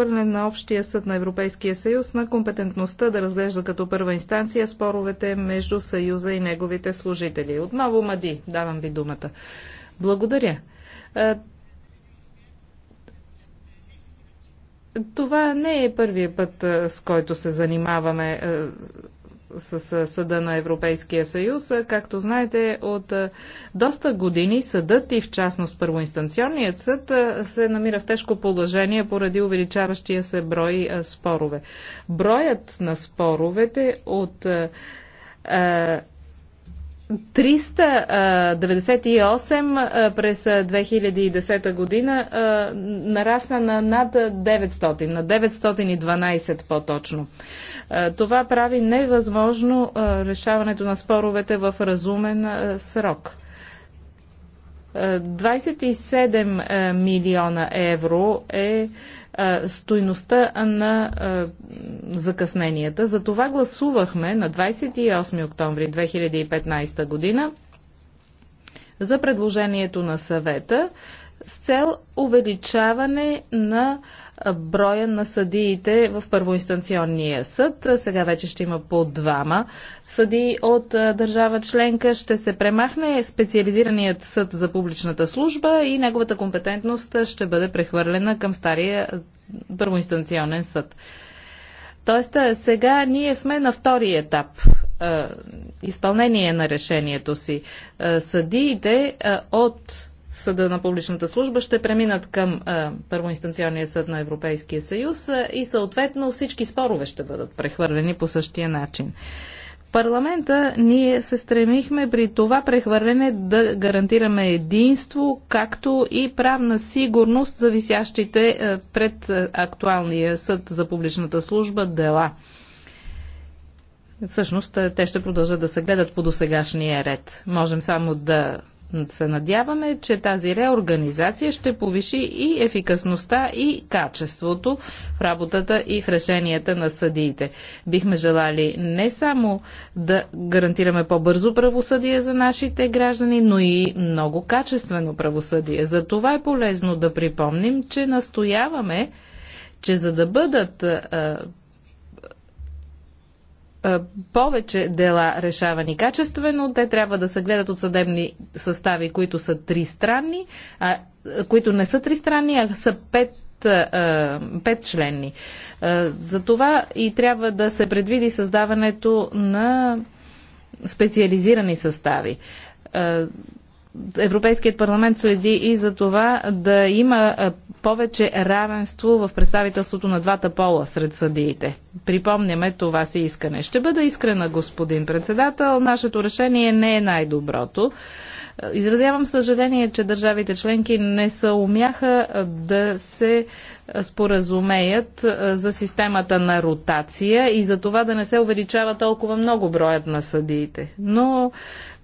прехвърлен на Общия съд на Европейския съюз на компетентността да разглежда като първа инстанция споровете между Съюза и неговите служители. Отново, Мади, давам ви думата. Благодаря. Това не е първият път, с който се занимаваме с Съда на Европейския съюз. Както знаете, от доста години съдът и в частност първоинстанционният съд се намира в тежко положение поради увеличаващия се брой спорове. Броят на споровете от 398 през 2010 година нарасна на над 900, на 912 по-точно. Е, това прави невъзможно е, решаването на споровете в разумен е, срок. 27 милиона евро е стойността на закъсненията. За това гласувахме на 28 октомври 2015 година за предложението на съвета с цел увеличаване на броя на съдиите в първоинстанционния съд. Сега вече ще има по двама съдии от държава членка. Ще се премахне специализираният съд за публичната служба и неговата компетентност ще бъде прехвърлена към стария първоинстанционен съд. Тоест, сега ние сме на втори етап изпълнение на решението си. Съдиите от съда на публичната служба ще преминат към а, първоинстанционния съд на Европейския съюз а, и съответно всички спорове ще бъдат прехвърлени по същия начин. В парламента ние се стремихме при това прехвърляне да гарантираме единство, както и правна сигурност за висящите а, пред актуалния съд за публичната служба дела. Всъщност, те ще продължат да се гледат по досегашния ред. Можем само да се надяваме, че тази реорганизация ще повиши и ефикасността и качеството в работата и в решенията на съдиите. Бихме желали не само да гарантираме по-бързо правосъдие за нашите граждани, но и много качествено правосъдие. За това е полезно да припомним, че настояваме че за да бъдат а, е, повече дела решавани качествено. Те трябва да се гледат от съдебни състави, които са тристранни, а, е, които не са тристранни, а са пет е, членни. За това и трябва да се предвиди създаването на специализирани състави. Европейският парламент следи и за това да има повече равенство в представителството на двата пола сред съдиите. Припомняме това си искане. Ще бъда искрена, господин председател. Нашето решение не е най-доброто. Изразявам съжаление, че държавите членки не са умяха да се споразумеят за системата на ротация и за това да не се увеличава толкова много броят на съдиите. Но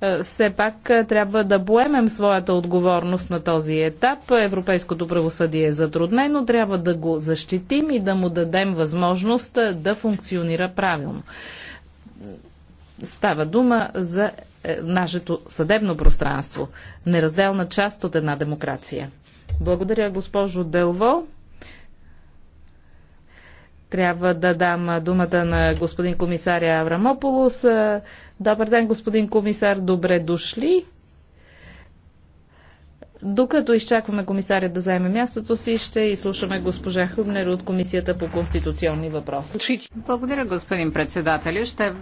е, все пак е, трябва да поемем своята отговорност на този етап. Европейското правосъдие е затруднено, трябва да го защитим и да му дадем възможност е, да функционира правилно. Става дума за нашето съдебно пространство, неразделна част от една демокрация. Благодаря, госпожо Делво трябва да дам думата на господин комисаря Аврамополос. Добър ден, господин комисар, добре дошли. Докато изчакваме комисарят да заеме мястото си, ще изслушаме госпожа Хубнер от Комисията по конституционни въпроси. Благодаря, господин председател. Ще,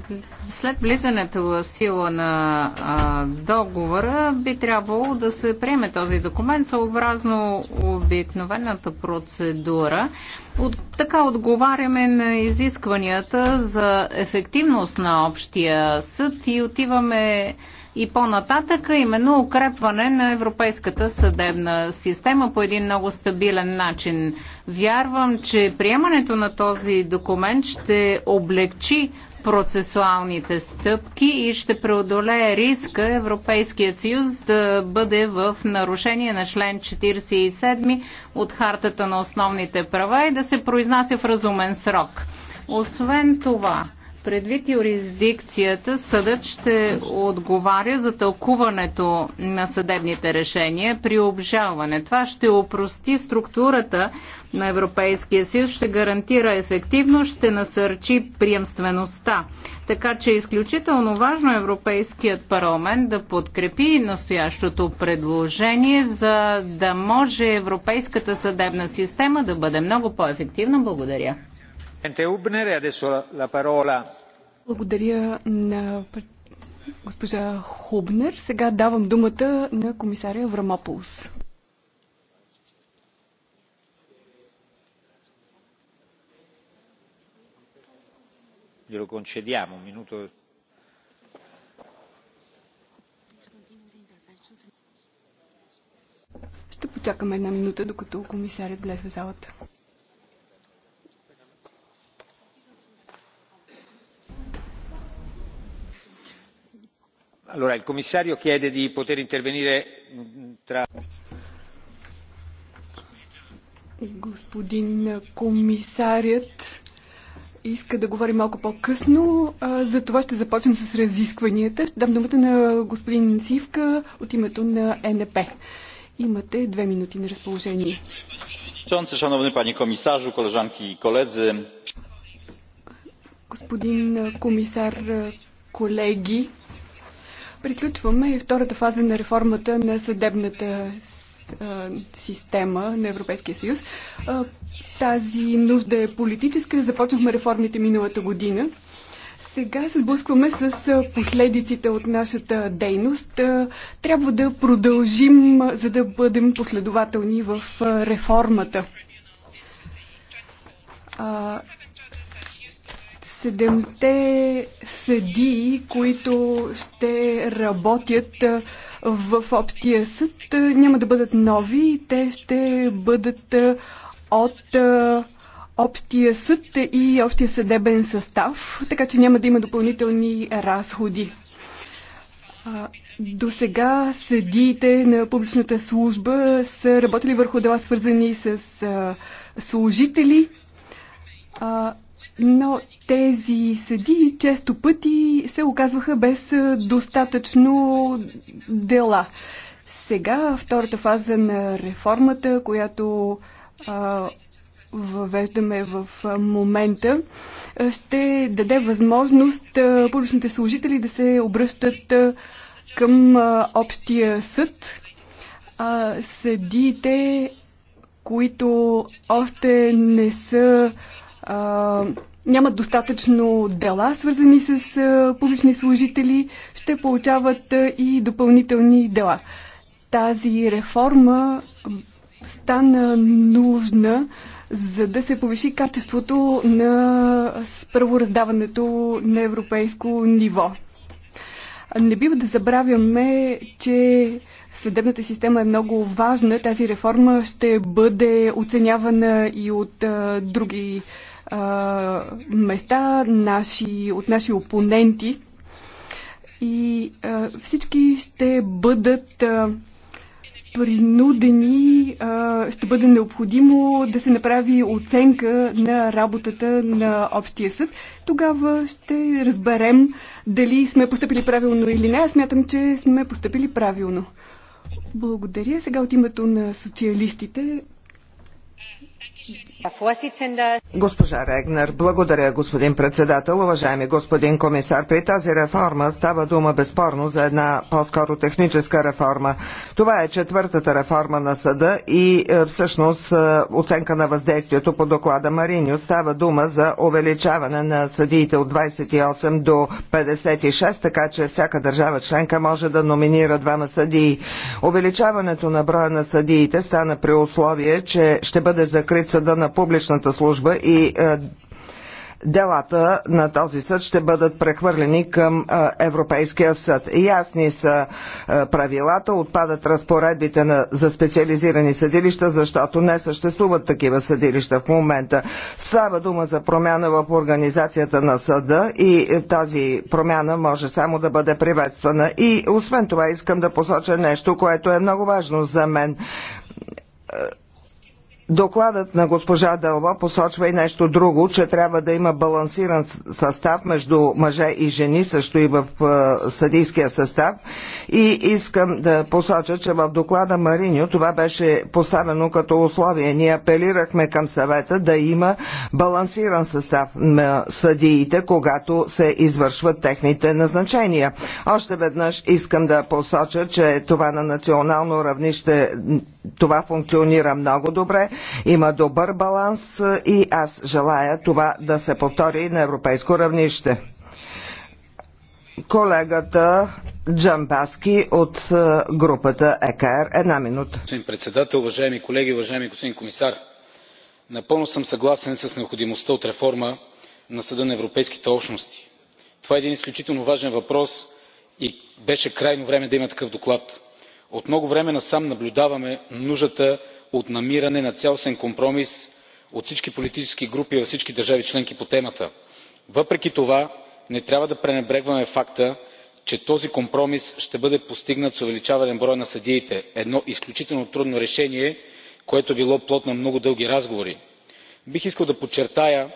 след влизането в сила на а, договора би трябвало да се приеме този документ съобразно обикновената процедура. От, така отговаряме на изискванията за ефективност на общия съд и отиваме и по-нататъка, именно укрепване на европейската съдебна система по един много стабилен начин. Вярвам, че приемането на този документ ще облегчи процесуалните стъпки и ще преодолее риска Европейският съюз да бъде в нарушение на член 47 от Хартата на основните права и да се произнася в разумен срок. Освен това, Предвид юрисдикцията, съдът ще отговаря за тълкуването на съдебните решения при обжалване. Това ще опрости структурата на Европейския съюз, ще гарантира ефективност, ще насърчи приемствеността. Така че е изключително важно Европейският парламент да подкрепи настоящото предложение, за да може Европейската съдебна система да бъде много по-ефективна. Благодаря. E Благодаря на госпожа Хубнер. Сега давам думата на комисаря Врамополус. Ще почакаме една минута, докато комисарят влезе в залата. il commissario chiede di poter intervenire tra... Господин комисарят иска да говори малко по-късно, за това ще започнем с разискванията. Ще дам думата на господин Сивка от името на НП. Имате две минути на разположение. Шановни пани комисажу, колежанки и колеги. Господин комисар, колеги, Приключваме и втората фаза на реформата на съдебната система на Европейския съюз. Тази нужда е политическа. Започнахме реформите миналата година. Сега се сблъскваме с последиците от нашата дейност. Трябва да продължим, за да бъдем последователни в реформата седемте съдии, които ще работят в общия съд, няма да бъдат нови, те ще бъдат от общия съд и общия съдебен състав, така че няма да има допълнителни разходи. До сега съдиите на публичната служба са работили върху дела, свързани с служители но тези съди често пъти се оказваха без е, достатъчно дела. Сега втората фаза на реформата, която а, въвеждаме в момента, е, ще даде възможност е, публичните служители да се обръщат към общия съд. А съдиите, които още не са а, нямат достатъчно дела, свързани с а, публични служители, ще получават а, и допълнителни дела. Тази реформа стана нужна, за да се повиши качеството на правораздаването на европейско ниво. Не бива да забравяме, че съдебната система е много важна. Тази реформа ще бъде оценявана и от а, други а, места, наши, от наши опоненти. И а, всички ще бъдат а, принудени, а, ще бъде необходимо да се направи оценка на работата на Общия съд. Тогава ще разберем дали сме поступили правилно или не. Аз смятам, че сме поступили правилно. Благодаря. Сега от името на социалистите Госпожа Регнер, благодаря господин председател, уважаеми господин комисар. При тази реформа става дума безспорно за една по-скоро техническа реформа. Това е четвъртата реформа на съда и е, всъщност е, оценка на въздействието по доклада Мариньо. Става дума за увеличаване на съдиите от 28 до 56, така че всяка държава членка може да номинира двама съдии. Увеличаването на броя на съдиите стана при условие, че ще бъде закрит съда на публичната служба и е, делата на този съд ще бъдат прехвърлени към е, Европейския съд. Ясни са е, правилата, отпадат разпоредбите на, за специализирани съдилища, защото не съществуват такива съдилища в момента. Става дума за промяна в организацията на съда и тази промяна може само да бъде приветствана. И освен това искам да посоча нещо, което е много важно за мен Докладът на госпожа Дълба посочва и нещо друго, че трябва да има балансиран състав между мъже и жени, също и в е, съдийския състав. И искам да посоча, че в доклада Мариньо това беше поставено като условие. Ние апелирахме към съвета да има балансиран състав на съдиите, когато се извършват техните назначения. Още веднъж искам да посоча, че това на национално равнище това функционира много добре, има добър баланс е, и аз желая това да се повтори на европейско равнище. Колегата Джамбаски от е, групата ЕКР. Една минута. Господин председател, уважаеми колеги, уважаеми господин комисар, напълно съм съгласен с необходимостта от реформа на Съда на Европейските общности. Това е един изключително важен въпрос и беше крайно време да има такъв доклад от много време насам наблюдаваме нуждата от намиране на цялостен компромис от всички политически групи във всички държави членки по темата. въпреки това не трябва да пренебрегваме факта че този компромис ще бъде постигнат с увеличаване броя на съдиите едно изключително трудно решение което е било плод на много дълги разговори. бих искал да подчертая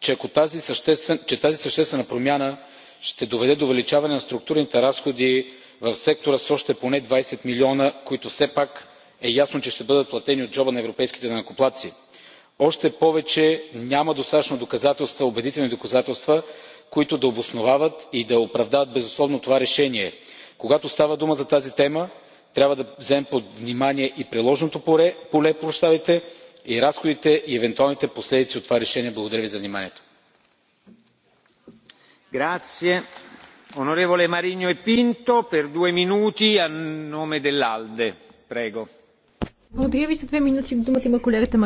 че тази съществена промяна ще доведе до увеличаване на структурните разходи в сектора с още поне двадесет милиона които все пак е ясно че ще бъдат платени от джоба на европейските данъкоплатци. още повече няма достатъчно доказателства убедителни доказателства които да обосновават и да оправдаят безусловно това решение. когато става дума за тази тема трябва да вземем под внимание и приложното поле и разходите и евентуалните последици от това решение. благодаря ви за вниманието. Onorevole Marigno e Pinto, per due minuti a nome dell'Alde. Prego. Благодаря ви за две минути. Думата има колегата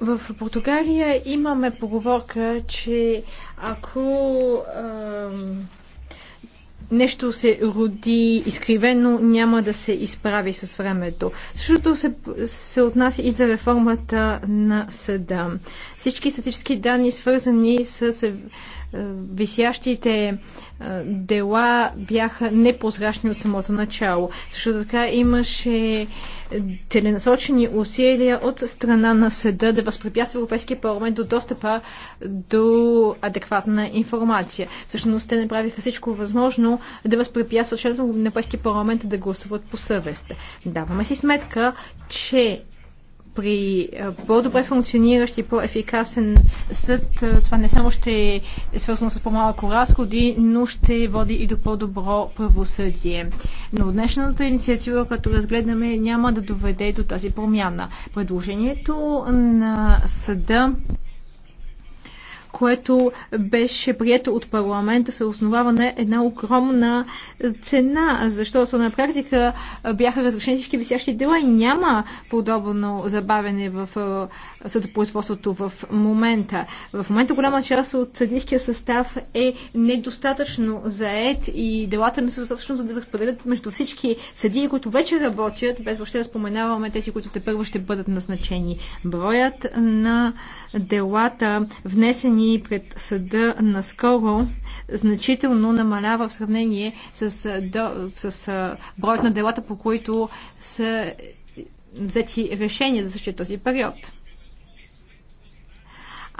В Португалия имаме поговорка, че ако нещо се роди изкривено, няма да се изправи с времето. Същото се, се отнася и за реформата на съда. Всички статически данни, свързани с висящите дела бяха непозрачни от самото начало. Също така имаше целенасочени усилия от страна на съда да възпрепятства Европейския парламент до достъпа до адекватна информация. Всъщност те направиха всичко възможно да възпрепятстват членове на Европейския парламент да гласуват по съвест. Даваме си сметка, че при по-добре функциониращ и по-ефикасен съд, това не само ще е свързано с по-малко разходи, но ще води и до по-добро правосъдие. Но днешната инициатива, която разгледаме, няма да доведе до тази промяна. Предложението на съда което беше прието от парламента, се основава на една огромна цена, защото на практика бяха разрешени всички висящи дела и няма подобно забавене в съдопроизводството в момента. В момента голяма част от съдийския състав е недостатъчно заед и делата не са достатъчно за да разпределят между всички съдии, които вече работят, без въобще да споменаваме тези, които те първо ще бъдат назначени. Броят на делата, внесени изправени пред съда наскоро значително намалява в сравнение с, до, с броят на делата, по които са взети решения за същия този период.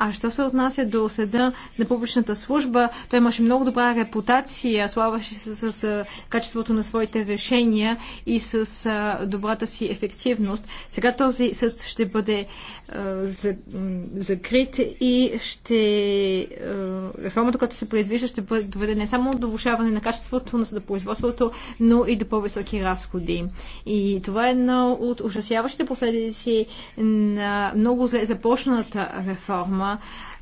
А що се отнася до съда на публичната служба, той имаше много добра репутация, славаше се с, с качеството на своите решения и с а, добрата си ефективност. Сега този съд ще бъде а, закрит и ще а, реформата, която се предвижда, ще бъде, доведе не само до влушаване на качеството на съдопроизводството, но и до по-високи разходи. И това е едно от ужасяващите последици на много зле започната реформа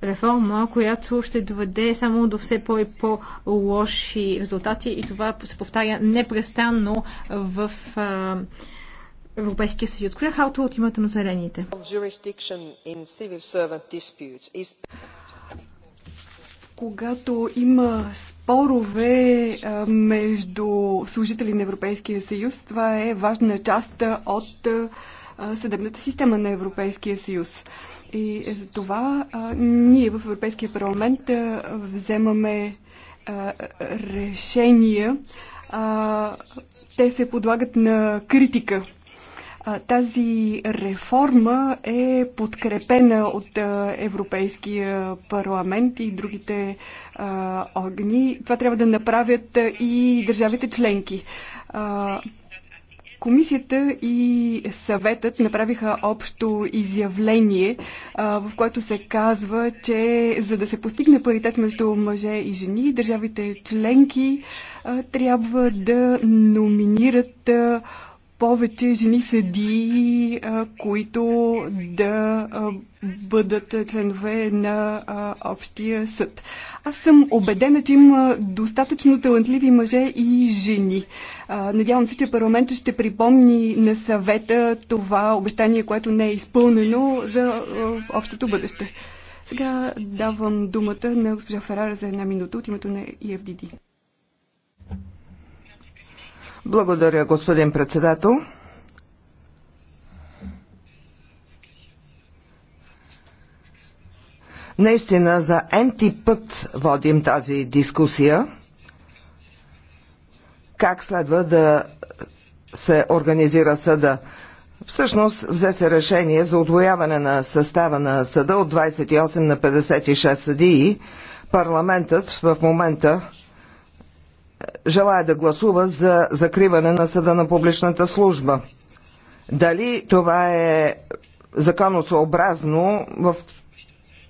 реформа, която ще доведе само до все по- и по-лоши резултати и това се повтаря непрестанно в а, Европейския съюз. Коя халта от името на зелените? когато има спорове между служители на Европейския съюз, това е важна част от съдебната система на Европейския съюз. И за това а, ние в Европейския парламент а, вземаме а, решения. А, те се подлагат на критика. А, тази реформа е подкрепена от а, Европейския парламент и другите а, органи. Това трябва да направят и държавите членки. А, Комисията и съветът направиха общо изявление, в което се казва, че за да се постигне паритет между мъже и жени, държавите членки трябва да номинират повече жени съдии, които да бъдат членове на общия съд. Аз съм убедена, че има достатъчно талантливи мъже и жени. Надявам се, че парламентът ще припомни на съвета това обещание, което не е изпълнено за общото бъдеще. Сега давам думата на госпожа Ферара за една минута от името на EFDD. Благодаря, господин председател. Наистина за енти път водим тази дискусия. Как следва да се организира съда? Всъщност взе се решение за отвояване на състава на съда от 28 на 56 съдии. Парламентът в момента желая да гласува за закриване на съда на публичната служба. Дали това е законосообразно, в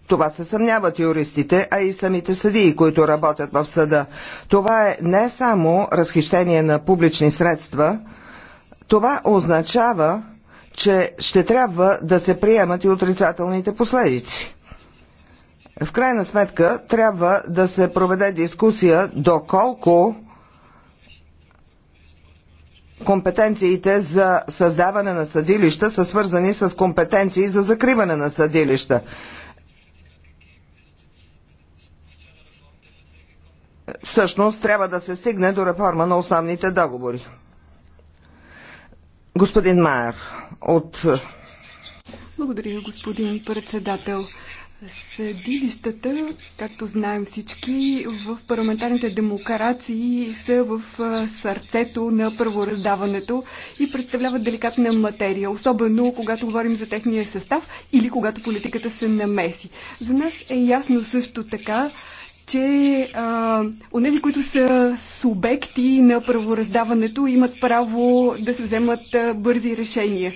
това се съмняват юристите, а и самите съдии, които работят в съда. Това е не само разхищение на публични средства, това означава, че ще трябва да се приемат и отрицателните последици. В крайна сметка трябва да се проведе дискусия доколко компетенциите за създаване на съдилища са свързани с компетенции за закриване на съдилища. Всъщност трябва да се стигне до реформа на основните договори. Господин Майер от. Благодаря, господин председател. Съдилищата, както знаем всички, в парламентарните демокрации са в сърцето на първораздаването и представляват деликатна материя, особено когато говорим за техния състав или когато политиката се намеси. За нас е ясно също така, че а, онези, които са субекти на правораздаването, имат право да се вземат а, бързи решения.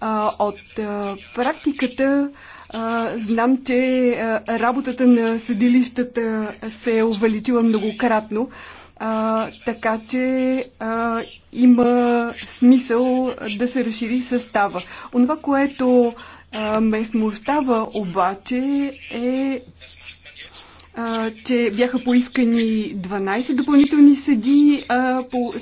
А, от а, практиката а, знам, че а, работата на съдилищата се е увеличила многократно, а, така че а, има смисъл да се разшири състава. Онова, което а, ме смущава обаче е а, че бяха поискани 12 допълнителни съди, а по,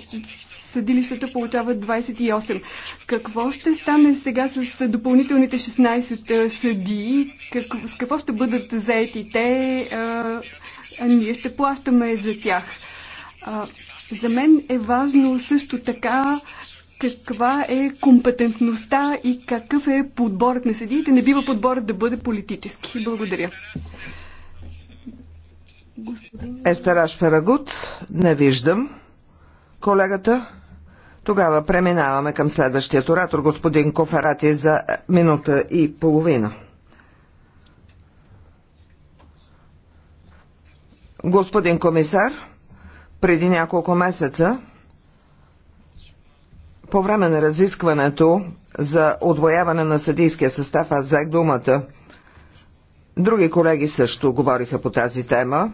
съдилищата получават 28. Какво ще стане сега с допълнителните 16 съдии? Как, с какво ще бъдат заети те? А, а ние ще плащаме за тях. А, за мен е важно също така каква е компетентността и какъв е подборът на съдиите. Не бива подборът да бъде политически. Благодаря. Господин... Естераш Парагут, не виждам. Колегата? Тогава преминаваме към следващия оратор, господин Коферати, за минута и половина. Господин комисар, преди няколко месеца, по време на разискването за отвояване на съдийския състав, аз взех думата – Други колеги също говориха по тази тема.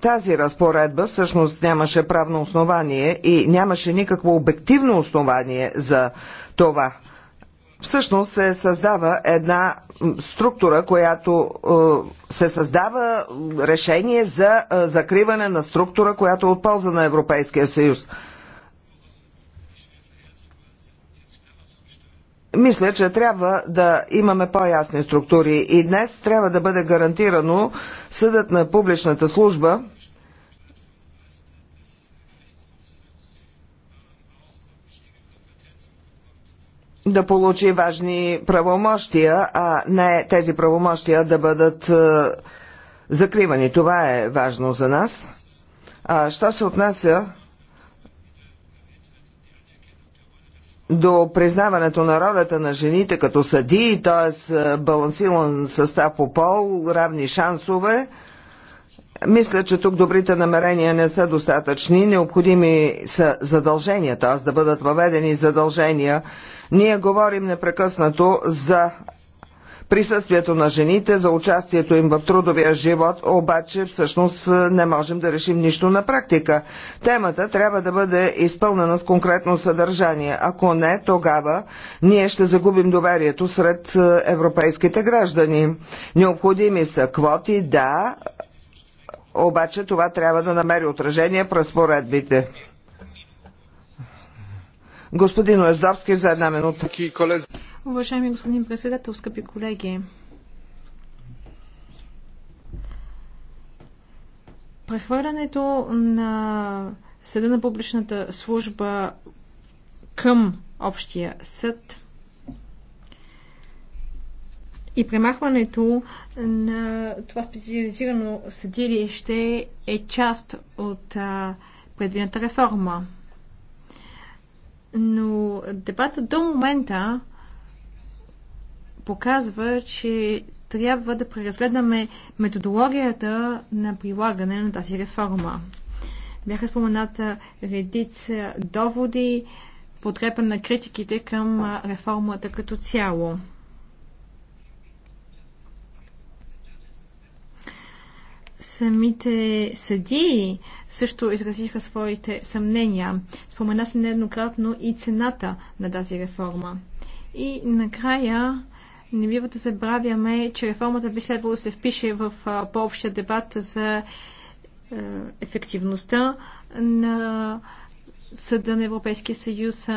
Тази разпоредба всъщност нямаше правно основание и нямаше никакво обективно основание за това. Всъщност се създава една структура, която е, се създава решение за е, закриване на структура, която е от полза на Европейския съюз. мисля, че трябва да имаме по-ясни структури и днес трябва да бъде гарантирано съдът на публичната служба да получи важни правомощия, а не тези правомощия да бъдат е, закривани. Това е важно за нас. А що се отнася до признаването на ролята на жените като съди, т.е. Е, балансиран състав по пол, равни шансове. Мисля, че тук добрите намерения не са достатъчни. Необходими са задължения, т.е. да бъдат въведени задължения. Ние говорим непрекъснато за присъствието на жените, за участието им в трудовия живот, обаче всъщност не можем да решим нищо на практика. Темата трябва да бъде изпълнена с конкретно съдържание. Ако не, тогава ние ще загубим доверието сред европейските граждани. Необходими са квоти, да, обаче това трябва да намери отражение през поредбите. Господин Уездовски за една минута. Уважаеми господин председател, скъпи колеги, прехвърлянето на съда на публичната служба към общия съд и премахването на това специализирано съдилище е част от предвидната реформа. Но дебата до момента показва, че трябва да преразгледаме методологията на прилагане на тази реформа. Бяха спомената редица доводи, подкрепа на критиките към реформата като цяло. Самите съдии също изразиха своите съмнения. Спомена се нееднократно и цената на тази реформа. И накрая не бива да забравяме, че реформата би следвало да се впише в по-общия дебат за е, ефективността на Съда на Европейския съюз,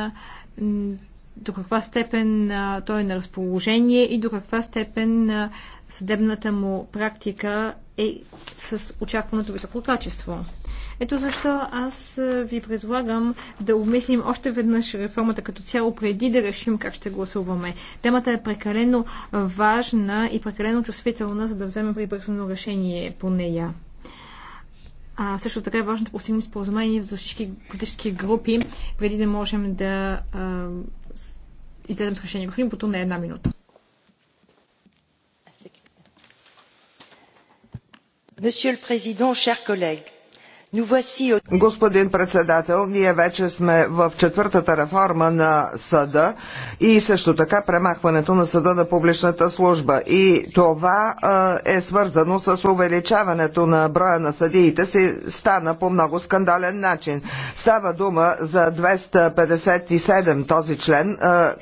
до каква степен той е на разположение и до каква степен съдебната му практика е с очакваното високо качество. Ето защо аз ви предлагам да обмислим още веднъж реформата като цяло, преди да решим как ще гласуваме. Темата е прекалено важна и прекалено чувствителна, за да вземем прибързано решение по нея. А, също така е важно да постигнем споразумение за всички политически групи, преди да можем да излезем с решение. Господин Бутун, не една минута. Monsieur le Président, chers collègues, Господин председател, ние вече сме в четвъртата реформа на съда и също така премахването на съда на публичната служба. И това е свързано с увеличаването на броя на съдиите си стана по много скандален начин. Става дума за 257 този член,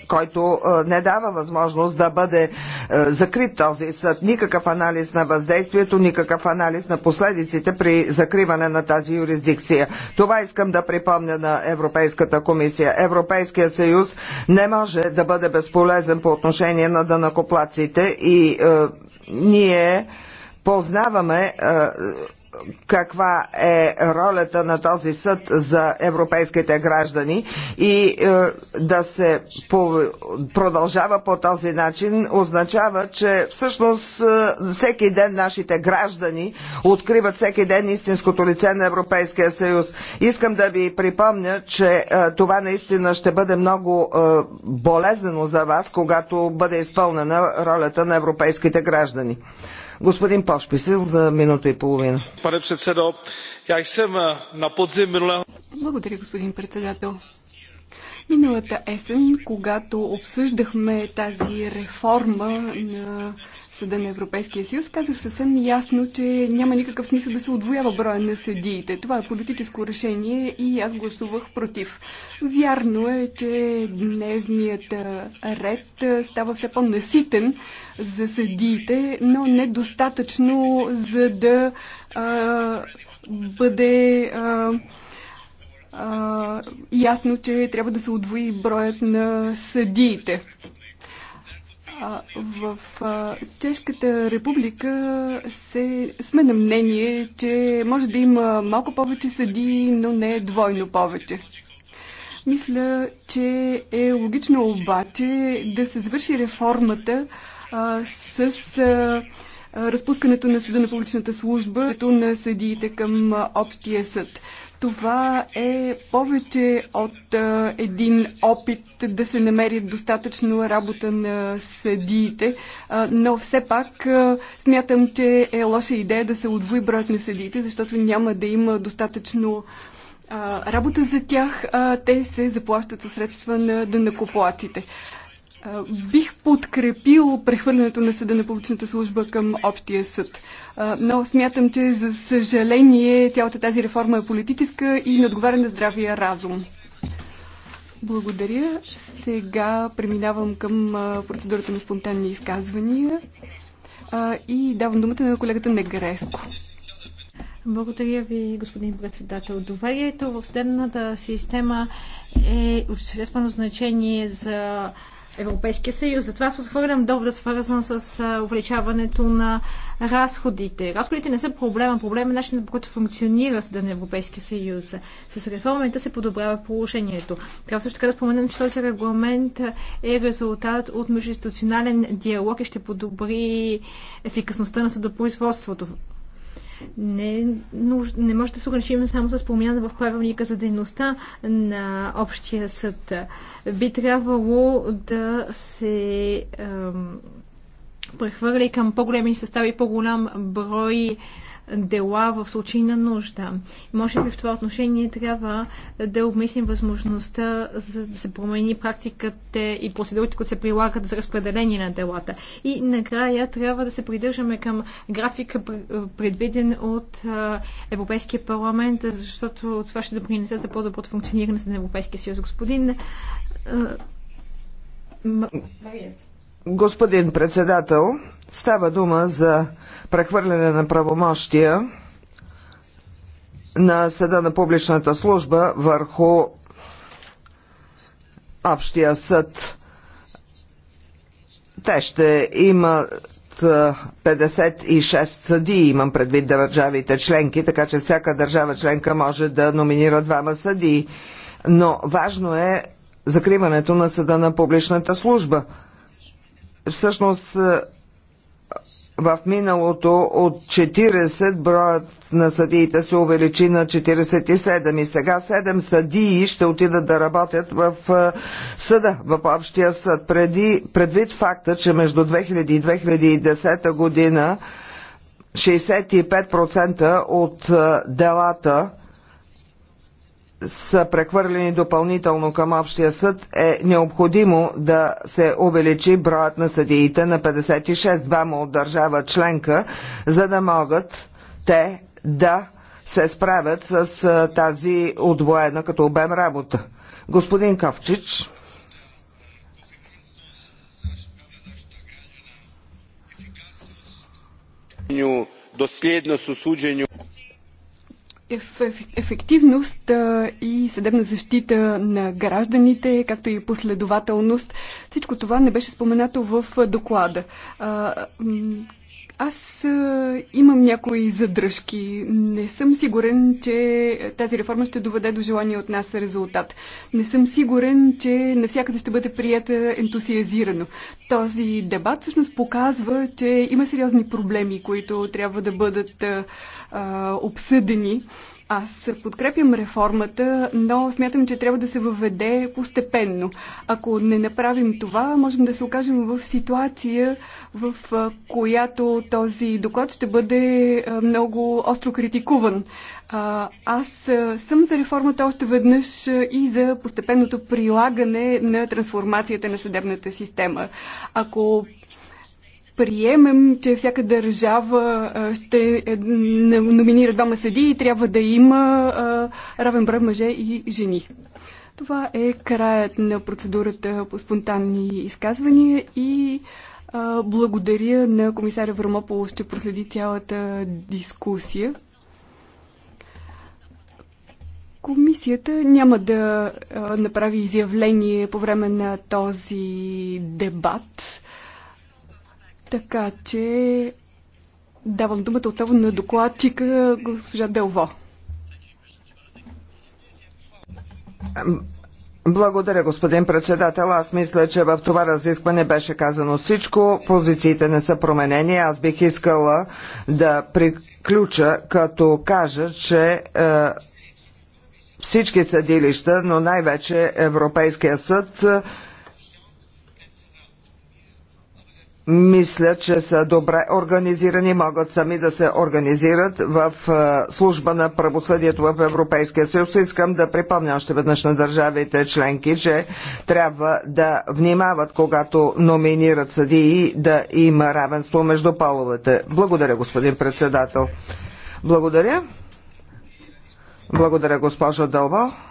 който не дава възможност да бъде закрит този съд. Никакъв анализ на въздействието, никакъв анализ на последиците при закриване на тази тази юрисдикция. Това искам да припомня на Европейската комисия. Европейския съюз не може да бъде безполезен по отношение на данакоплаците и е, ние познаваме е, каква е ролята на този съд за европейските граждани и е, да се по, продължава по този начин означава, че всъщност е, всеки ден нашите граждани откриват всеки ден истинското лице на Европейския съюз. Искам да ви припомня, че е, това наистина ще бъде много е, болезнено за вас, когато бъде изпълнена ролята на европейските граждани. Господин Пошписил за минута и половина. Пане я съм на Благодаря, господин председател. Миналата есен, когато обсъждахме тази реформа на Съда на Европейския съюз, казах съвсем ясно, че няма никакъв смисъл да се отвоява броя на съдиите. Това е политическо решение и аз гласувах против. Вярно е, че дневният ред става все по-наситен за съдиите, но недостатъчно за да а, бъде. А, Uh, ясно, че трябва да се удвои броят на съдиите. В Чешката република се, сме на мнение, че може да има малко повече съди, но не двойно повече. Мисля, че е логично обаче да се завърши реформата а, с а, разпускането на съда на публичната служба, на съдиите към общия съд. Това е повече от а, един опит да се намери достатъчно работа на съдиите, а, но все пак а, смятам, че е лоша идея да се отвои броят на съдиите, защото няма да има достатъчно а, работа за тях. А, те се заплащат със средства на дънакоплаците. Да Бих подкрепил прехвърлянето на съда на публичната служба към общия съд. Но смятам, че за съжаление цялата тази реформа е политическа и не отговаря на здравия разум. Благодаря. Сега преминавам към процедурата на спонтанни изказвания и давам думата на колегата Негреско. Благодаря ви, господин председател. Доверието в следната система е обществено значение за Европейския съюз. Затова аз отхвърлям довода, свързан с увеличаването на разходите. Разходите не са проблема. Проблем е начинът по който функционира Съден Европейския съюз. С реформите се подобрява положението. Трябва също така да споменам, че този регламент е резултат от междуинституционален диалог и ще подобри ефикасността на съдопроизводството. Не, но не може да се ограничим само с промяна в правилника за дейността на общия съд. Би трябвало да се ам, прехвърли към по-големи състави, по-голям брой дела в случай на нужда. Може би в това отношение трябва да обмислим възможността за да се промени практиката и процедурите, които се прилагат за разпределение на делата. И накрая трябва да се придържаме към графика, предвиден от Европейския парламент, защото това ще допринесе за по-доброто функциониране на Европейския съюз. Господин Мариес. Господин председател, става дума за прехвърляне на правомощия на Съда на публичната служба върху Общия съд. Те ще имат 56 съдии, имам предвид държавите членки, така че всяка държава членка може да номинира двама съдии. Но важно е закриването на съда на публичната служба – всъщност е, в миналото от 40 броят на съдиите се увеличи на 47 и сега 7 съдии ще отидат да работят в е, съда, в общия съд. Преди, предвид факта, че между 2000 и 2010 година 65% от е, делата са прехвърлени допълнително към Общия съд, е необходимо да се увеличи броят на съдиите на 56 двама от държава членка, за да могат те да се справят с тази отвоена като обем работа. Господин Ковчич. Доследност у ефективност и съдебна защита на гражданите, както и последователност. Всичко това не беше споменато в доклада. Аз имам някои задръжки. Не съм сигурен, че тази реформа ще доведе до желания от нас резултат. Не съм сигурен, че навсякъде ще бъде прията ентусиазирано. Този дебат всъщност показва, че има сериозни проблеми, които трябва да бъдат а, обсъдени аз подкрепям реформата, но смятам, че трябва да се въведе постепенно. Ако не направим това, можем да се окажем в ситуация, в която този доклад ще бъде много остро критикуван. Аз съм за реформата още веднъж и за постепенното прилагане на трансформацията на съдебната система. Ако приемем, че всяка държава ще е, номинира двама съди и трябва да има равен брой мъже и жени. Това е краят на процедурата по спонтанни изказвания и благодаря на комисаря Върмопол, ще проследи цялата дискусия. Комисията няма да направи изявление по време на този дебат. Така че давам думата отново на докладчика госпожа Делво. Благодаря, господин председател. Аз мисля, че в това разискване беше казано всичко. Позициите не са променени. Аз бих искала да приключа, като кажа, че е, всички съдилища, но най-вече Европейския съд, е, мисля, че са добре организирани, могат сами да се организират в е, служба на правосъдието в Европейския съюз. Искам да припомня още веднъж на държавите членки, че трябва да внимават, когато номинират съдии, да има равенство между половете. Благодаря, господин председател. Благодаря. Благодаря, госпожо Дълбо.